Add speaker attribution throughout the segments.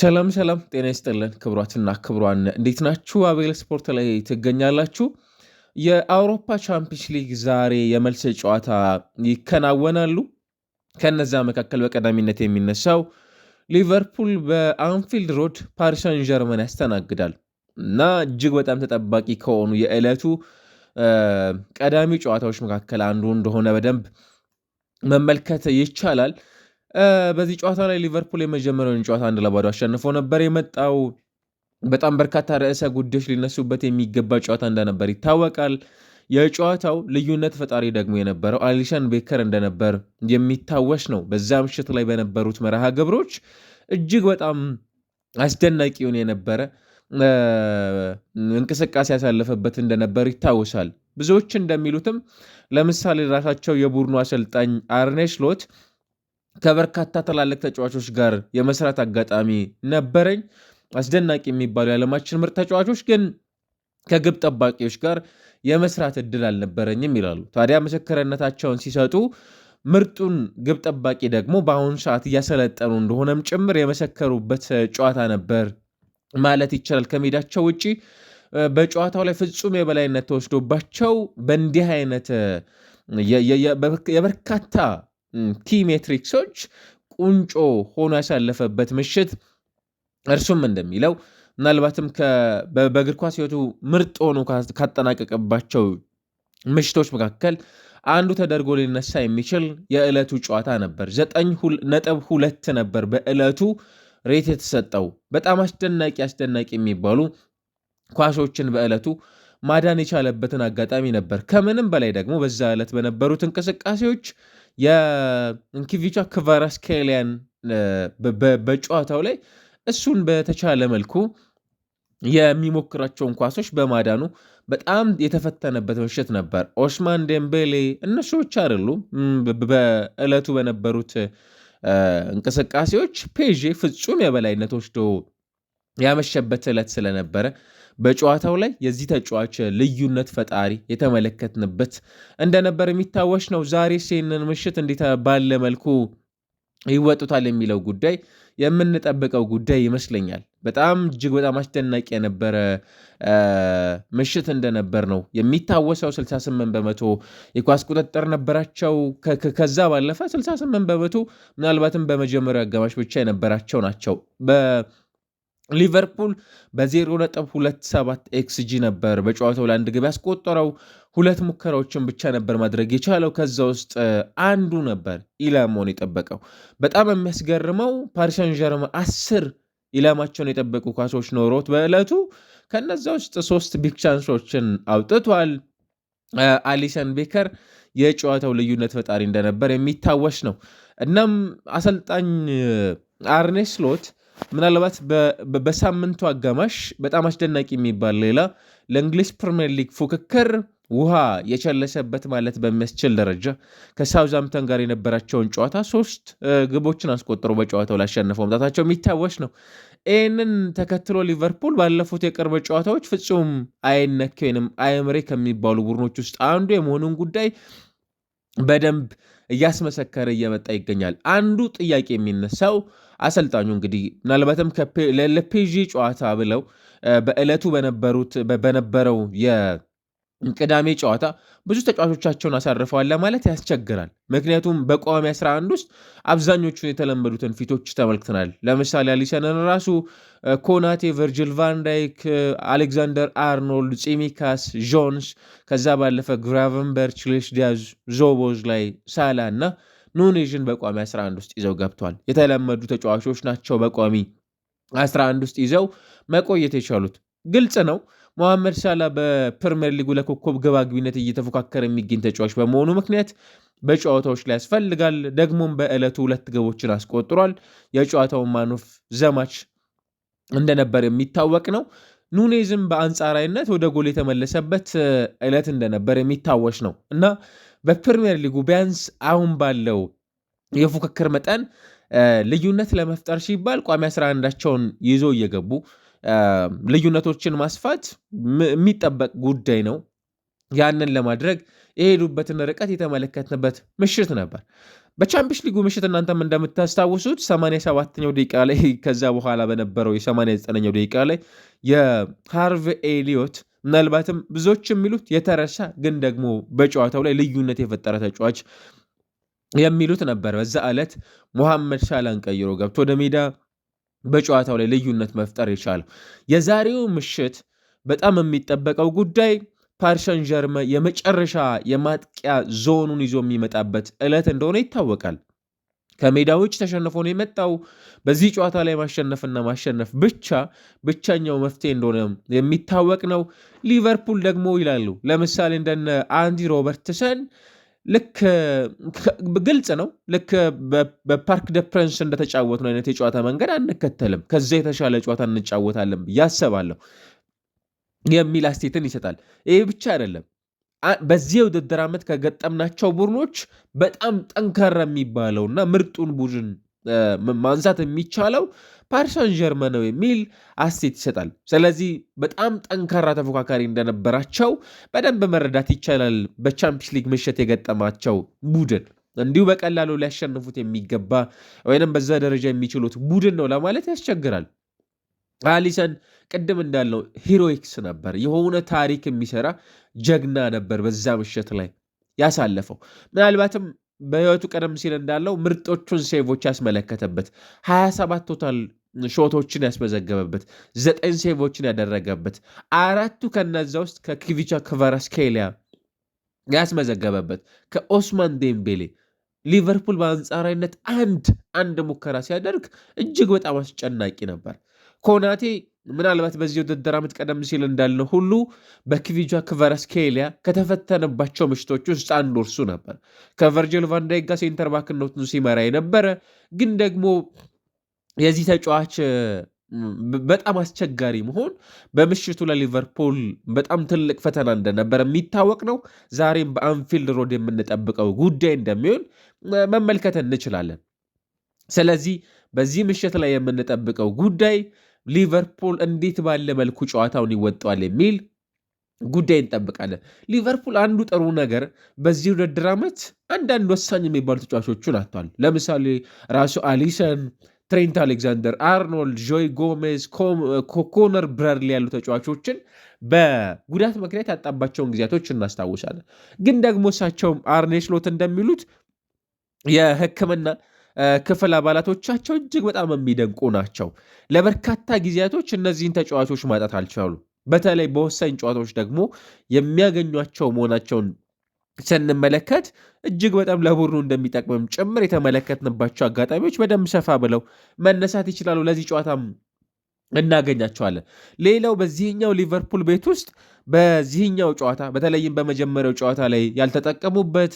Speaker 1: ሰላም ሰላም፣ ጤና ይስጥልን ክብሯትና ክብሯን፣ እንዴት ናችሁ? አቤል ስፖርት ላይ ትገኛላችሁ። የአውሮፓ ቻምፒየንስ ሊግ ዛሬ የመልስ ጨዋታ ይከናወናሉ። ከነዚያ መካከል በቀዳሚነት የሚነሳው ሊቨርፑል በአንፊልድ ሮድ ፓሪሰን ጀርመን ያስተናግዳል እና እጅግ በጣም ተጠባቂ ከሆኑ የዕለቱ ቀዳሚ ጨዋታዎች መካከል አንዱ እንደሆነ በደንብ መመልከት ይቻላል። በዚህ ጨዋታ ላይ ሊቨርፑል የመጀመሪያውን ጨዋታ አንድ ለባዶ አሸንፎ ነበር የመጣው። በጣም በርካታ ርዕሰ ጉዳዮች ሊነሱበት የሚገባ ጨዋታ እንደነበር ይታወቃል። የጨዋታው ልዩነት ፈጣሪ ደግሞ የነበረው አሊሻን ቤከር እንደነበር የሚታወስ ነው። በዛ ምሽት ላይ በነበሩት መርሃ ግብሮች እጅግ በጣም አስደናቂውን የነበረ እንቅስቃሴ ያሳለፈበት እንደነበር ይታወሳል። ብዙዎች እንደሚሉትም ለምሳሌ ራሳቸው የቡድኑ አሰልጣኝ አርኔ ስሎት ከበርካታ ትላልቅ ተጫዋቾች ጋር የመስራት አጋጣሚ ነበረኝ። አስደናቂ የሚባሉ የዓለማችን ምርጥ ተጫዋቾች ግን ከግብ ጠባቂዎች ጋር የመስራት እድል አልነበረኝም ይላሉ። ታዲያ ምስክርነታቸውን ሲሰጡ ምርጡን ግብ ጠባቂ ደግሞ በአሁኑ ሰዓት እያሰለጠኑ እንደሆነም ጭምር የመሰከሩበት ጨዋታ ነበር ማለት ይቻላል። ከሜዳቸው ውጭ በጨዋታው ላይ ፍጹም የበላይነት ተወስዶባቸው በእንዲህ አይነት የበርካታ ቲ ሜትሪክሶች ቁንጮ ሆኖ ያሳለፈበት ምሽት እርሱም እንደሚለው ምናልባትም በእግር ኳስ ሕይወቱ ምርጥ ሆኖ ካጠናቀቀባቸው ምሽቶች መካከል አንዱ ተደርጎ ሊነሳ የሚችል የዕለቱ ጨዋታ ነበር። ዘጠኝ ነጥብ ሁለት ነበር በዕለቱ ሬት የተሰጠው። በጣም አስደናቂ አስደናቂ የሚባሉ ኳሶችን በዕለቱ ማዳን የቻለበትን አጋጣሚ ነበር። ከምንም በላይ ደግሞ በዛ ዕለት በነበሩት እንቅስቃሴዎች የእንኪቪቻ ክቫራትስኬሊያን በጨዋታው ላይ እሱን በተቻለ መልኩ የሚሞክራቸውን ኳሶች በማዳኑ በጣም የተፈተነበት ምሽት ነበር። ኦስማን ዴምቤሌ እነሱ ብቻ አይደሉም። በዕለቱ በነበሩት እንቅስቃሴዎች ፔዤ ፍጹም የበላይነት ወስዶ ያመሸበት ዕለት ስለነበረ በጨዋታው ላይ የዚህ ተጫዋች ልዩነት ፈጣሪ የተመለከትንበት እንደነበር የሚታወስ ነው። ዛሬ ይህንን ምሽት እንዴት ባለ መልኩ ይወጡታል የሚለው ጉዳይ የምንጠብቀው ጉዳይ ይመስለኛል። በጣም እጅግ በጣም አስደናቂ የነበረ ምሽት እንደነበር ነው የሚታወሰው። 68 በመቶ የኳስ ቁጥጥር ነበራቸው። ከዛ ባለፈ 68 በመቶ ምናልባትም በመጀመሪያው አጋማሽ ብቻ የነበራቸው ናቸው። ሊቨርፑል በ0.27 ኤክስጂ ነበር በጨዋታው ለአንድ ግብ ያስቆጠረው። ሁለት ሙከራዎችን ብቻ ነበር ማድረግ የቻለው። ከዛ ውስጥ አንዱ ነበር ኢላማውን የጠበቀው። በጣም የሚያስገርመው ፓሪሰን ጀርማ አስር ኢላማቸውን የጠበቁ ኳሶች ኖሮት በዕለቱ ከነዛ ውስጥ ሶስት ቢግ ቻንሶችን አውጥቷል። አሊሰን ቤከር የጨዋታው ልዩነት ፈጣሪ እንደነበር የሚታወስ ነው። እናም አሰልጣኝ አርኔ ስሎት ምናልባት በሳምንቱ አጋማሽ በጣም አስደናቂ የሚባል ሌላ ለእንግሊዝ ፕሪምየር ሊግ ፉክክር ውሃ የቸለሰበት ማለት በሚያስችል ደረጃ ከሳውዛምተን ጋር የነበራቸውን ጨዋታ ሶስት ግቦችን አስቆጥሮ በጨዋታው ላሸነፈው መምጣታቸው የሚታወስ ነው። ይህንን ተከትሎ ሊቨርፑል ባለፉት የቅርብ ጨዋታዎች ፍጹም አይነኬ ወይም አይምሬ ከሚባሉ ቡድኖች ውስጥ አንዱ የመሆኑን ጉዳይ በደንብ እያስመሰከረ እየመጣ ይገኛል። አንዱ ጥያቄ የሚነሳው አሰልጣኙ እንግዲህ ምናልባትም ለፔዥ ጨዋታ ብለው በዕለቱ በነበሩት በነበረው የቅዳሜ ጨዋታ ብዙ ተጫዋቾቻቸውን አሳርፈዋል ለማለት ያስቸግራል። ምክንያቱም በቋሚ 11 ውስጥ አብዛኞቹን የተለመዱትን ፊቶች ተመልክተናል። ለምሳሌ አሊሰንን ራሱ፣ ኮናቴ፣ ቨርጅል ቫንዳይክ፣ አሌክዛንደር አርኖልድ፣ ፂሚካስ፣ ጆንስ ከዛ ባለፈ ግራቨንበርች፣ ሌሽ ዲያዝ፣ ዞቦዝ ላይ ሳላ እና ኑኔዥን በቋሚ 11 ውስጥ ይዘው ገብቷል። የተለመዱ ተጫዋቾች ናቸው በቋሚ 11 ውስጥ ይዘው መቆየት የቻሉት። ግልጽ ነው። መሐመድ ሳላ በፕሪምየር ሊጉ ለኮከብ ግብ አግቢነት እየተፎካከረ የሚገኝ ተጫዋች በመሆኑ ምክንያት በጨዋታዎች ላይ ያስፈልጋል። ደግሞም በዕለቱ ሁለት ግቦችን አስቆጥሯል። የጨዋታውን ማኖፍ ዘማች እንደነበር የሚታወቅ ነው። ኑኔዝም በአንጻራዊነት ወደ ጎል የተመለሰበት ዕለት እንደነበር የሚታወስ ነው እና በፕሪምየር ሊጉ ቢያንስ አሁን ባለው የፉክክር መጠን ልዩነት ለመፍጠር ሲባል ቋሚ 11ቸውን ይዞ እየገቡ ልዩነቶችን ማስፋት የሚጠበቅ ጉዳይ ነው። ያንን ለማድረግ የሄዱበትን ርቀት የተመለከትንበት ምሽት ነበር። በቻምፒዮንስ ሊጉ ምሽት እናንተም እንደምታስታውሱት 87ኛው ደቂቃ ላይ ከዛ በኋላ በነበረው የ89ኛው ደቂቃ ላይ የሃርቭ ኤሊዮት ምናልባትም ብዙዎች የሚሉት የተረሳ ግን ደግሞ በጨዋታው ላይ ልዩነት የፈጠረ ተጫዋች የሚሉት ነበር። በዛ ዕለት ሙሐመድ ሳላን ቀይሮ ገብቶ ወደ ሜዳ በጨዋታው ላይ ልዩነት መፍጠር የቻለው የዛሬው ምሽት በጣም የሚጠበቀው ጉዳይ ፓሪሰን ጀርመ የመጨረሻ የማጥቂያ ዞኑን ይዞ የሚመጣበት ዕለት እንደሆነ ይታወቃል። ከሜዳዎች ተሸንፎ ነው የመጣው። በዚህ ጨዋታ ላይ ማሸነፍና ማሸነፍ ብቻ ብቸኛው መፍትሄ እንደሆነ የሚታወቅ ነው። ሊቨርፑል ደግሞ ይላሉ ለምሳሌ እንደነ አንዲ ሮበርትሰን ልክ ግልጽ ነው። ልክ በፓርክ ደ ፕረንስ ነው አይነት የጨዋታ መንገድ አንከተልም። ከዚያ የተሻለ ጨዋታ እንጫወታለን ብዬ አስባለሁ። የሚል አስቴትን ይሰጣል። ይሄ ብቻ አይደለም። በዚህ የውድድር ዓመት ከገጠምናቸው ቡድኖች በጣም ጠንካራ እና ምርጡን ቡድን ማንሳት የሚቻለው ፓሪሳን ጀርመ ነው የሚል አስቴት ይሰጣል። ስለዚህ በጣም ጠንካራ ተፎካካሪ እንደነበራቸው በደንብ መረዳት ይቻላል። በቻምፒየንስ ሊግ ምሽት የገጠማቸው ቡድን እንዲሁ በቀላሉ ሊያሸንፉት የሚገባ ወይም በዛ ደረጃ የሚችሉት ቡድን ነው ለማለት ያስቸግራል። አሊሰን ቅድም እንዳለው ሂሮይክስ ነበር፣ የሆነ ታሪክ የሚሰራ ጀግና ነበር። በዛ ምሽት ላይ ያሳለፈው ምናልባትም በህይወቱ ቀደም ሲል እንዳለው ምርጦቹን ሴቮች ያስመለከተበት 27 ቶታል ሾቶችን ያስመዘገበበት ዘጠኝ ሴቮችን ያደረገበት አራቱ ከነዛ ውስጥ ከኪቪቻ ክቫራትስኬሊያ ያስመዘገበበት ከኦስማን ዴምቤሌ ሊቨርፑል በአንጻራዊነት አንድ አንድ ሙከራ ሲያደርግ እጅግ በጣም አስጨናቂ ነበር። ኮናቴ ምናልባት በዚህ ውድድር ዓመት ቀደም ሲል እንዳለ ሁሉ በክቪጃ ክቫራትስኬሊያ ከተፈተነባቸው ምሽቶች ውስጥ አንዱ እርሱ ነበር። ከቨርጅል ቫንዳይክ ጋር ሴንተር ባክነቱን ሲመራ የነበረ ግን ደግሞ የዚህ ተጫዋች በጣም አስቸጋሪ መሆን በምሽቱ ለሊቨርፑል በጣም ትልቅ ፈተና እንደነበረ የሚታወቅ ነው። ዛሬም በአንፊልድ ሮድ የምንጠብቀው ጉዳይ እንደሚሆን መመልከት እንችላለን። ስለዚህ በዚህ ምሽት ላይ የምንጠብቀው ጉዳይ ሊቨርፑል እንዴት ባለ መልኩ ጨዋታውን ይወጣዋል የሚል ጉዳይ እንጠብቃለን። ሊቨርፑል አንዱ ጥሩ ነገር በዚህ ውድድር ዓመት አንዳንድ ወሳኝ የሚባሉ ተጫዋቾቹን አጥቷል። ለምሳሌ ራሱ አሊሰን፣ ትሬንት አሌክዛንደር አርኖልድ፣ ጆይ ጎሜዝ፣ ኮኮነር ብራድሊ ያሉ ተጫዋቾችን በጉዳት ምክንያት ያጣባቸውን ጊዜያቶች እናስታውሳለን። ግን ደግሞ እሳቸውም አርኔ ስሎት እንደሚሉት የሕክምና ክፍል አባላቶቻቸው እጅግ በጣም የሚደንቁ ናቸው። ለበርካታ ጊዜያቶች እነዚህን ተጫዋቾች ማጣት አልቻሉ። በተለይ በወሳኝ ጨዋታዎች ደግሞ የሚያገኟቸው መሆናቸውን ስንመለከት እጅግ በጣም ለቡድኑ እንደሚጠቅምም ጭምር የተመለከትንባቸው አጋጣሚዎች በደንብ ሰፋ ብለው መነሳት ይችላሉ። ለዚህ ጨዋታም እናገኛቸዋለን። ሌላው በዚህኛው ሊቨርፑል ቤት ውስጥ በዚህኛው ጨዋታ በተለይም በመጀመሪያው ጨዋታ ላይ ያልተጠቀሙበት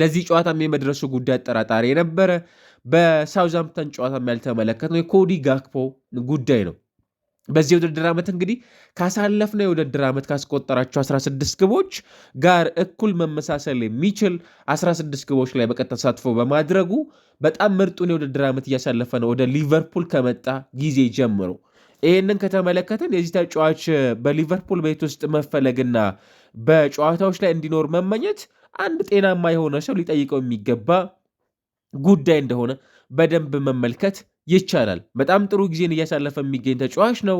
Speaker 1: ለዚህ ጨዋታም የመድረሱ ጉዳይ አጠራጣሪ የነበረ በሳውዛምፕተን ጨዋታም ያልተመለከትነው የኮዲ ጋክፖ ጉዳይ ነው። በዚህ የውድድር ዓመት እንግዲህ ካሳለፍነው የውድድር ዓመት ካስቆጠራቸው 16 ግቦች ጋር እኩል መመሳሰል የሚችል 16 ግቦች ላይ በቀጥታ ተሳትፎ በማድረጉ በጣም ምርጡን የውድድር ዓመት እያሳለፈ ነው ወደ ሊቨርፑል ከመጣ ጊዜ ጀምሮ። ይህንን ከተመለከትን የዚህ ተጫዋች በሊቨርፑል ቤት ውስጥ መፈለግና በጨዋታዎች ላይ እንዲኖር መመኘት አንድ ጤናማ የሆነ ሰው ሊጠይቀው የሚገባ ጉዳይ እንደሆነ በደንብ መመልከት ይቻላል። በጣም ጥሩ ጊዜን እያሳለፈ የሚገኝ ተጫዋች ነው።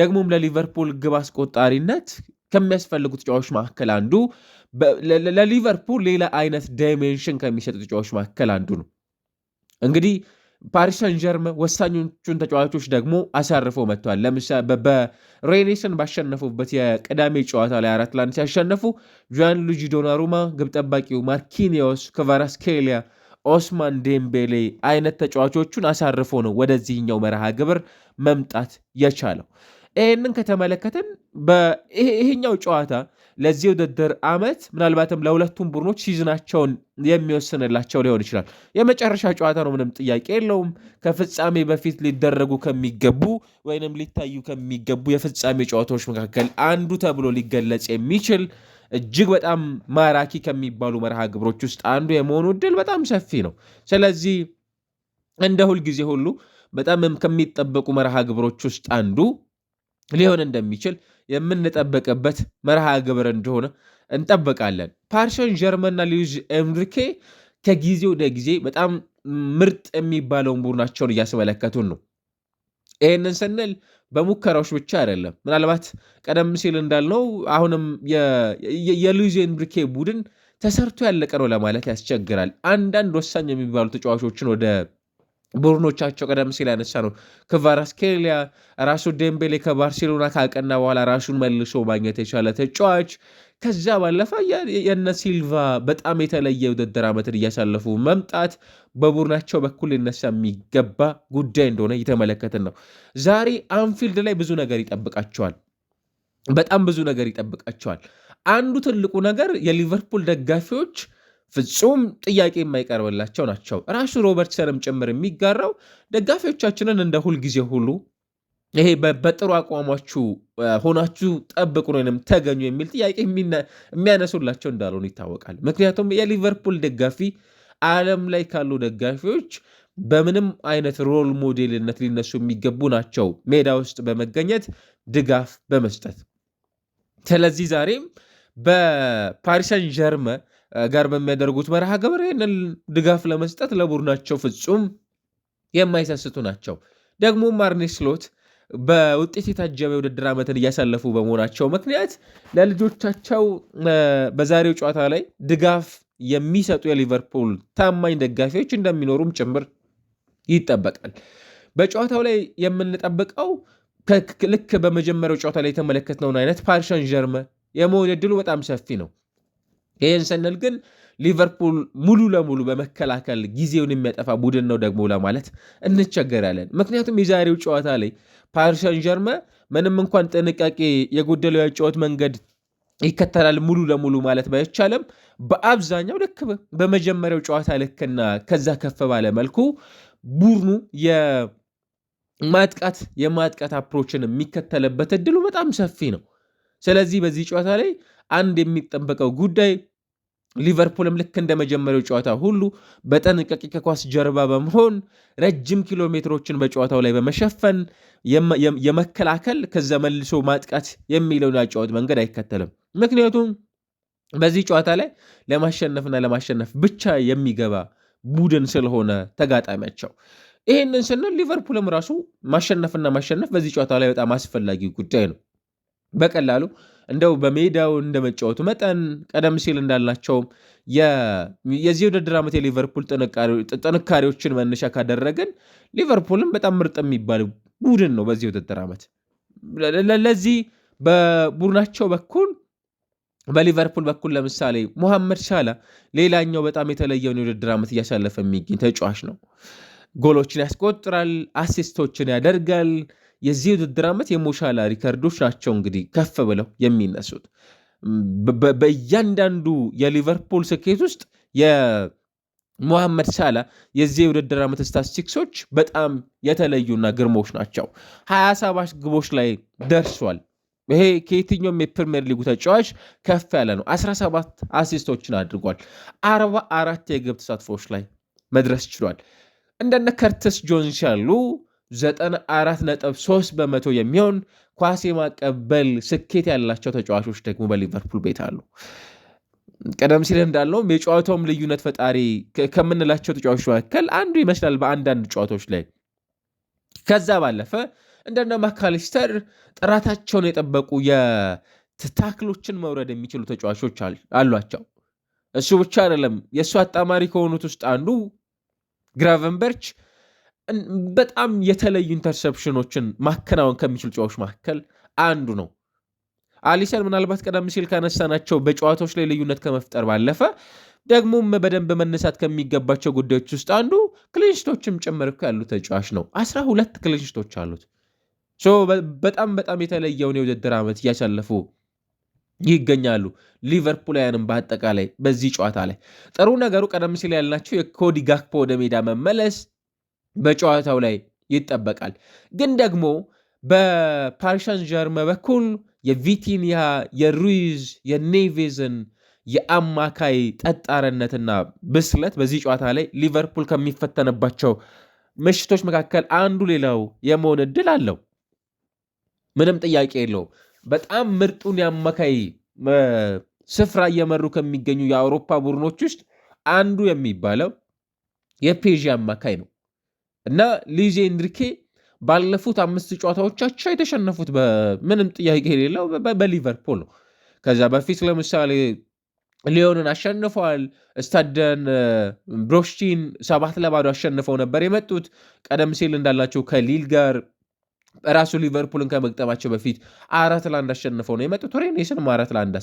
Speaker 1: ደግሞም ለሊቨርፑል ግብ አስቆጣሪነት ከሚያስፈልጉ ተጫዋች መካከል አንዱ ለሊቨርፑል ሌላ አይነት ዳይሜንሽን ከሚሰጡ ተጫዋች መካከል አንዱ ነው እንግዲህ ፓሪስ ሳን ወሳኞቹን ተጫዋቾች ደግሞ አሳርፎ መጥተዋል። ለምሳሌ በሬኔስን ባሸነፉበት የቅዳሜ ጨዋታ ላይ አራት ለአንድ ሲያሸነፉ ጆያን ሉጂ ዶናሩማ፣ ግብ ጠባቂው ማርኪኒዮስ፣ ኬሊያ ኦስማን ዴምቤሌ አይነት ተጫዋቾቹን አሳርፎ ነው ወደዚህኛው መርሃ ግብር መምጣት የቻለው። ይህንን ከተመለከትን ይሄኛው ጨዋታ ለዚህ ውድድር ዓመት ምናልባትም ለሁለቱም ቡድኖች ሲዝናቸውን የሚወስንላቸው ሊሆን ይችላል። የመጨረሻ ጨዋታ ነው፣ ምንም ጥያቄ የለውም። ከፍጻሜ በፊት ሊደረጉ ከሚገቡ ወይንም ሊታዩ ከሚገቡ የፍጻሜ ጨዋታዎች መካከል አንዱ ተብሎ ሊገለጽ የሚችል እጅግ በጣም ማራኪ ከሚባሉ መርሃ ግብሮች ውስጥ አንዱ የመሆኑ እድል በጣም ሰፊ ነው። ስለዚህ እንደ ሁልጊዜ ሁሉ በጣም ከሚጠበቁ መርሃ ግብሮች ውስጥ አንዱ ሊሆን እንደሚችል የምንጠበቅበት መርሃ ግብር እንደሆነ እንጠበቃለን። ፓርሸን ጀርመንና ሉዊስ ኤንሪኬ ከጊዜ ወደ ጊዜ በጣም ምርጥ የሚባለውን ቡድናቸውን እያስመለከቱን ነው። ይህንን ስንል በሙከራዎች ብቻ አይደለም። ምናልባት ቀደም ሲል እንዳልነው አሁንም የሉዊስ ኤንሪኬ ቡድን ተሰርቶ ያለቀ ነው ለማለት ያስቸግራል። አንዳንድ ወሳኝ የሚባሉ ተጫዋቾችን ወደ ቡድኖቻቸው ቀደም ሲል ያነሳ ነው ክቫራስኬሊያ ራሱ ዴምቤሌ ከባርሴሎና ካቀና በኋላ ራሱን መልሶ ማግኘት የቻለ ተጫዋች። ከዛ ባለፈ የነ ሲልቫ በጣም የተለየ ውድድር ዓመትን እያሳለፉ መምጣት በቡድናቸው በኩል ሊነሳ የሚገባ ጉዳይ እንደሆነ እየተመለከትን ነው። ዛሬ አንፊልድ ላይ ብዙ ነገር ይጠብቃቸዋል። በጣም ብዙ ነገር ይጠብቃቸዋል። አንዱ ትልቁ ነገር የሊቨርፑል ደጋፊዎች ፍጹም ጥያቄ የማይቀርብላቸው ናቸው። ራሱ ሮበርትሰንም ጭምር የሚጋራው ደጋፊዎቻችንን እንደ ሁልጊዜ ሁሉ ይሄ በጥሩ አቋማችሁ ሆናችሁ ጠብቁን ወይም ተገኙ የሚል ጥያቄ የሚያነሱላቸው እንዳልሆኑ ይታወቃል። ምክንያቱም የሊቨርፑል ደጋፊ ዓለም ላይ ካሉ ደጋፊዎች በምንም አይነት ሮል ሞዴልነት ሊነሱ የሚገቡ ናቸው፣ ሜዳ ውስጥ በመገኘት ድጋፍ በመስጠት ስለዚህ ዛሬም በፓሪሰን ጀርመን ጋር በሚያደርጉት መርሃ ግብር ይህንን ድጋፍ ለመስጠት ለቡድናቸው ፍጹም የማይሰስቱ ናቸው። ደግሞም አርኔ ስሎት በውጤት የታጀበ የውድድር ዓመትን እያሳለፉ በመሆናቸው ምክንያት ለልጆቻቸው በዛሬው ጨዋታ ላይ ድጋፍ የሚሰጡ የሊቨርፑል ታማኝ ደጋፊዎች እንደሚኖሩም ጭምር ይጠበቃል። በጨዋታው ላይ የምንጠብቀው ልክ በመጀመሪያው ጨዋታ ላይ የተመለከትነውን አይነት ፓሪስ ሴን የመሆን በጣም ሰፊ ነው። ይህን ስንል ግን ሊቨርፑል ሙሉ ለሙሉ በመከላከል ጊዜውን የሚያጠፋ ቡድን ነው ደግሞ ለማለት እንቸገራለን። ምክንያቱም የዛሬው ጨዋታ ላይ ፓሪስ ጀርመ ምንም እንኳን ጥንቃቄ የጎደለው የጨዋታ መንገድ ይከተላል ሙሉ ለሙሉ ማለት ባይቻለም በአብዛኛው ልክ በመጀመሪያው ጨዋታ ልክና ከዛ ከፍ ባለ መልኩ ቡድኑ የማጥቃት የማጥቃት አፕሮችን የሚከተልበት እድሉ በጣም ሰፊ ነው። ስለዚህ በዚህ ጨዋታ ላይ አንድ የሚጠበቀው ጉዳይ ሊቨርፑልም ልክ እንደ መጀመሪያው ጨዋታ ሁሉ በጠንቀቂ ከኳስ ጀርባ በመሆን ረጅም ኪሎ ሜትሮችን በጨዋታው ላይ በመሸፈን የመከላከል ከዛ መልሶ ማጥቃት የሚለውን አጨዋወት መንገድ አይከተልም። ምክንያቱም በዚህ ጨዋታ ላይ ለማሸነፍና ለማሸነፍ ብቻ የሚገባ ቡድን ስለሆነ ተጋጣሚያቸው። ይህንን ስንል ሊቨርፑልም ራሱ ማሸነፍና ማሸነፍ በዚህ ጨዋታ ላይ በጣም አስፈላጊ ጉዳይ ነው። በቀላሉ እንደው በሜዳው እንደመጫወቱ መጠን ቀደም ሲል እንዳላቸውም የዚህ ውድድር ዓመት የሊቨርፑል ጥንካሬዎችን መነሻ ካደረግን ሊቨርፑልም በጣም ምርጥ የሚባል ቡድን ነው። በዚህ ውድድር ዓመት ለዚህ በቡድናቸው በኩል በሊቨርፑል በኩል ለምሳሌ ሙሐመድ ሳላ ሌላኛው በጣም የተለየውን የውድድር ዓመት እያሳለፈ የሚገኝ ተጫዋች ነው። ጎሎችን ያስቆጥራል፣ አሲስቶችን ያደርጋል። የዚህ ውድድር ዓመት የሞሻላ ሪከርዶች ናቸው እንግዲህ ከፍ ብለው የሚነሱት። በእያንዳንዱ የሊቨርፑል ስኬት ውስጥ የሞሐመድ ሳላ የዚህ የውድድር ዓመት ስታስቲክሶች በጣም የተለዩና ግርሞች ናቸው። ሀያ ሰባት ግቦች ላይ ደርሷል። ይሄ ከየትኛውም የፕሪምየር ሊጉ ተጫዋች ከፍ ያለ ነው። 17 አሲስቶችን አድርጓል። 44 የግብ ተሳትፎች ላይ መድረስ ችሏል። እንደነ ከርተስ ጆንስ ያሉ 94.3 በመቶ የሚሆን ኳስ የማቀበል ስኬት ያላቸው ተጫዋቾች ደግሞ በሊቨርፑል ቤት አሉ። ቀደም ሲል እንዳለውም የጨዋታውም ልዩነት ፈጣሪ ከምንላቸው ተጫዋቾች መካከል አንዱ ይመስላል በአንዳንድ ጨዋታዎች ላይ። ከዛ ባለፈ እንደነ ማካሊስተር ጥራታቸውን የጠበቁ የታክሎችን መውረድ የሚችሉ ተጫዋቾች አሏቸው። እሱ ብቻ አይደለም፣ የእሱ አጣማሪ ከሆኑት ውስጥ አንዱ ግራቨንበርች በጣም የተለዩ ኢንተርሰፕሽኖችን ማከናወን ከሚችሉ ጨዋቾች መካከል አንዱ ነው። አሊሰን ምናልባት ቀደም ሲል ካነሳናቸው በጨዋታዎች ላይ ልዩነት ከመፍጠር ባለፈ ደግሞም በደንብ መነሳት ከሚገባቸው ጉዳዮች ውስጥ አንዱ ክሊንሽቶችም ጭምር እኮ ያሉት ተጫዋች ነው። አስራ ሁለት ክሊንሽቶች አሉት። በጣም በጣም የተለየውን የውድድር ዓመት እያሳለፉ ይገኛሉ። ሊቨርፑላውያንም በአጠቃላይ በዚህ ጨዋታ ላይ ጥሩ ነገሩ ቀደም ሲል ያልናቸው የኮዲ ጋክፖ ወደ ሜዳ መመለስ በጨዋታው ላይ ይጠበቃል። ግን ደግሞ በፓሪሻን ጀርመ በኩል የቪቲኒያ የሩይዝ የኔቬዝን የአማካይ ጠጣርነትና ብስለት በዚህ ጨዋታ ላይ ሊቨርፑል ከሚፈተንባቸው ምሽቶች መካከል አንዱ ሌላው የመሆን እድል አለው። ምንም ጥያቄ የለው። በጣም ምርጡን የአማካይ ስፍራ እየመሩ ከሚገኙ የአውሮፓ ቡድኖች ውስጥ አንዱ የሚባለው የፔዥ አማካይ ነው። እና ሉዊዝ ኤንሪኬ ባለፉት አምስት ጨዋታዎቻቸው የተሸነፉት ምንም ጥያቄ የሌለው በሊቨርፑል ነው። ከዛ በፊት ለምሳሌ ሊዮንን አሸንፈዋል። ስታደን ብሮሽቲን ሰባት ለባዶ አሸንፈው ነበር የመጡት። ቀደም ሲል እንዳላቸው ከሊል ጋር ራሱ ሊቨርፑልን ከመግጠማቸው በፊት አራት ለአንድ አሸንፈው ነው የመጡት። ሬኔስንም አራት ለአንድ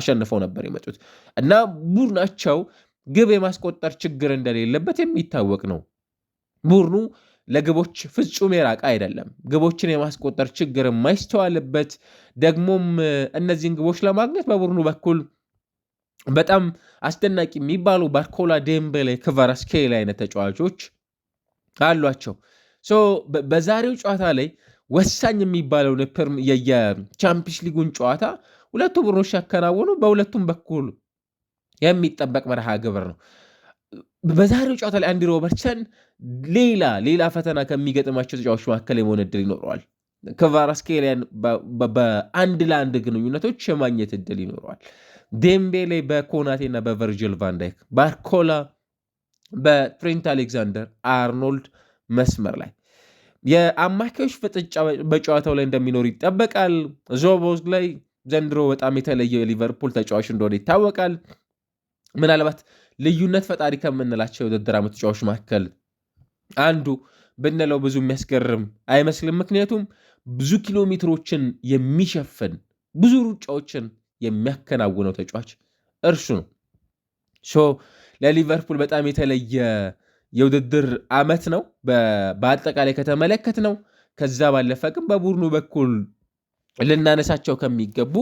Speaker 1: አሸንፈው ነበር የመጡት እና ቡድናቸው ግብ የማስቆጠር ችግር እንደሌለበት የሚታወቅ ነው። ቡድኑ ለግቦች ፍጹም የራቀ አይደለም። ግቦችን የማስቆጠር ችግር የማይስተዋልበት ደግሞም እነዚህን ግቦች ለማግኘት በቡድኑ በኩል በጣም አስደናቂ የሚባሉ ባርኮላ፣ ዴምቤሌ፣ ክቫራትስኬሊያ አይነት ተጫዋቾች አሏቸው። በዛሬው ጨዋታ ላይ ወሳኝ የሚባለውን የቻምፒየንስ ሊጉን ጨዋታ ሁለቱ ቡድኖች ያከናወኑ በሁለቱም በኩል የሚጠበቅ መርሃ ግብር ነው። በዛሬው ጨዋታ ላይ አንዲ ሮበርትሰን ሌላ ሌላ ፈተና ከሚገጥማቸው ተጫዋቾች መካከል የመሆን እድል ይኖረዋል። ከቫራስኬሊያን በአንድ ለአንድ ግንኙነቶች የማግኘት እድል ይኖረዋል። ዴምቤሌ በኮናቴና በቨርጅል ቫንዳይክ፣ ባርኮላ በትሬንት አሌክዛንደር አርኖልድ መስመር ላይ የአማካዮች ፍጥጫ በጨዋታው ላይ እንደሚኖር ይጠበቃል። ዞቦዝ ላይ ዘንድሮ በጣም የተለየ ሊቨርፑል ተጫዋች እንደሆነ ይታወቃል። ምናልባት ልዩነት ፈጣሪ ከምንላቸው የውድድር ዓመት ተጫዋቾች መካከል አንዱ ብንለው ብዙ የሚያስገርም አይመስልም። ምክንያቱም ብዙ ኪሎ ሜትሮችን የሚሸፍን ብዙ ሩጫዎችን የሚያከናውነው ተጫዋች እርሱ ነው። ሶ ለሊቨርፑል በጣም የተለየ የውድድር ዓመት ነው በአጠቃላይ ከተመለከት ነው። ከዛ ባለፈ ግን በቡድኑ በኩል ልናነሳቸው ከሚገቡ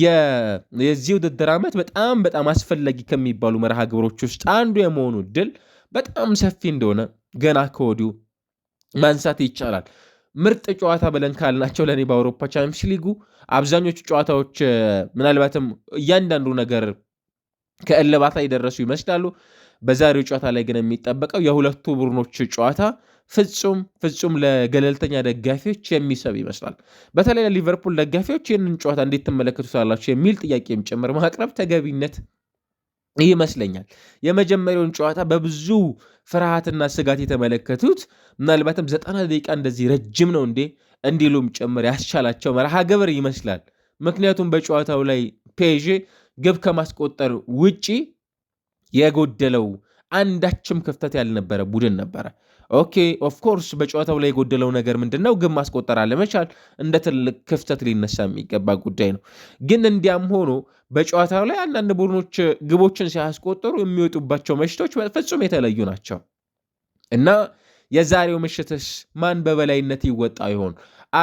Speaker 1: የዚህ ውድድር ዓመት በጣም በጣም አስፈላጊ ከሚባሉ መርሃ ግብሮች ውስጥ አንዱ የመሆኑ እድል በጣም ሰፊ እንደሆነ ገና ከወዲሁ ማንሳት ይቻላል። ምርጥ ጨዋታ ብለን ካልናቸው ለእኔ በአውሮፓ ቻምፒየንስ ሊጉ አብዛኞቹ ጨዋታዎች ምናልባትም እያንዳንዱ ነገር ከእልባት የደረሱ ይመስላሉ። በዛሬው ጨዋታ ላይ ግን የሚጠበቀው የሁለቱ ቡድኖች ጨዋታ ፍጹም ፍጹም ለገለልተኛ ደጋፊዎች የሚሰብ ይመስላል። በተለይ ለሊቨርፑል ደጋፊዎች ይህንን ጨዋታ እንዴት ትመለከቱታላችሁ የሚል ጥያቄም ጭምር ማቅረብ ተገቢነት ይመስለኛል። የመጀመሪያውን ጨዋታ በብዙ ፍርሃትና ስጋት የተመለከቱት ምናልባትም ዘጠና ደቂቃ እንደዚህ ረጅም ነው እንዴ እንዲሉም ጭምር ያስቻላቸው መርሃ ግብር ይመስላል። ምክንያቱም በጨዋታው ላይ ፔዤ ግብ ከማስቆጠር ውጪ የጎደለው አንዳችም ክፍተት ያልነበረ ቡድን ነበረ። ኦኬ ኦፍኮርስ በጨዋታው ላይ የጎደለው ነገር ምንድን ነው? ግን ማስቆጠር አለመቻል እንደ ትልቅ ክፍተት ሊነሳ የሚገባ ጉዳይ ነው። ግን እንዲያም ሆኖ በጨዋታው ላይ አንዳንድ ቡድኖች ግቦችን ሲያስቆጠሩ የሚወጡባቸው ምሽቶች ፍጹም የተለዩ ናቸው እና የዛሬው ምሽትስ ማን በበላይነት ይወጣ ይሆን?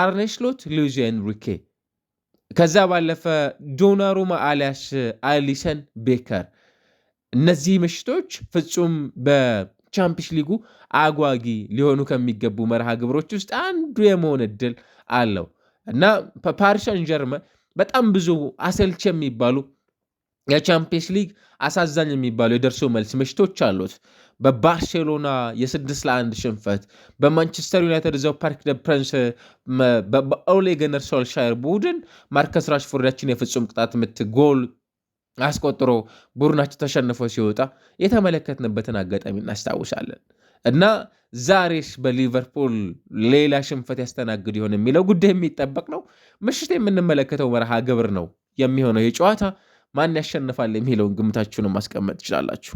Speaker 1: አርኔ ስሎት፣ ሉዊስ ኤንሪኬ፣ ከዛ ባለፈ ዶናሩማ አሊያስ አሊሰን ቤከር እነዚህ ምሽቶች ፍጹም በቻምፒዮንስ ሊጉ አጓጊ ሊሆኑ ከሚገቡ መርሃ ግብሮች ውስጥ አንዱ የመሆን እድል አለው እና ፓሪስ ሰን ጀርመን በጣም ብዙ አሰልቺ የሚባሉ የቻምፒየንስ ሊግ አሳዛኝ የሚባሉ የደርሶ መልስ ምሽቶች አሉት። በባርሴሎና የስድስት ለአንድ ሽንፈት፣ በማንቸስተር ዩናይትድ ዘው ፓርክ ደ ፕረንስ በኦሌ ገነር ሶልሻየር ቡድን ማርከስ ራሽፎርዳችን የፍጹም ቅጣት ምት ጎል አስቆጥሮ ቡድናቸው ተሸንፎ ሲወጣ የተመለከትንበትን አጋጣሚ እናስታውሳለን። እና ዛሬስ በሊቨርፑል ሌላ ሽንፈት ያስተናግድ ይሆን የሚለው ጉዳይ የሚጠበቅ ነው። ምሽት የምንመለከተው መርሃ ግብር ነው የሚሆነው የጨዋታ ማን ያሸንፋል የሚለውን ግምታችሁንም ማስቀመጥ ትችላላችሁ።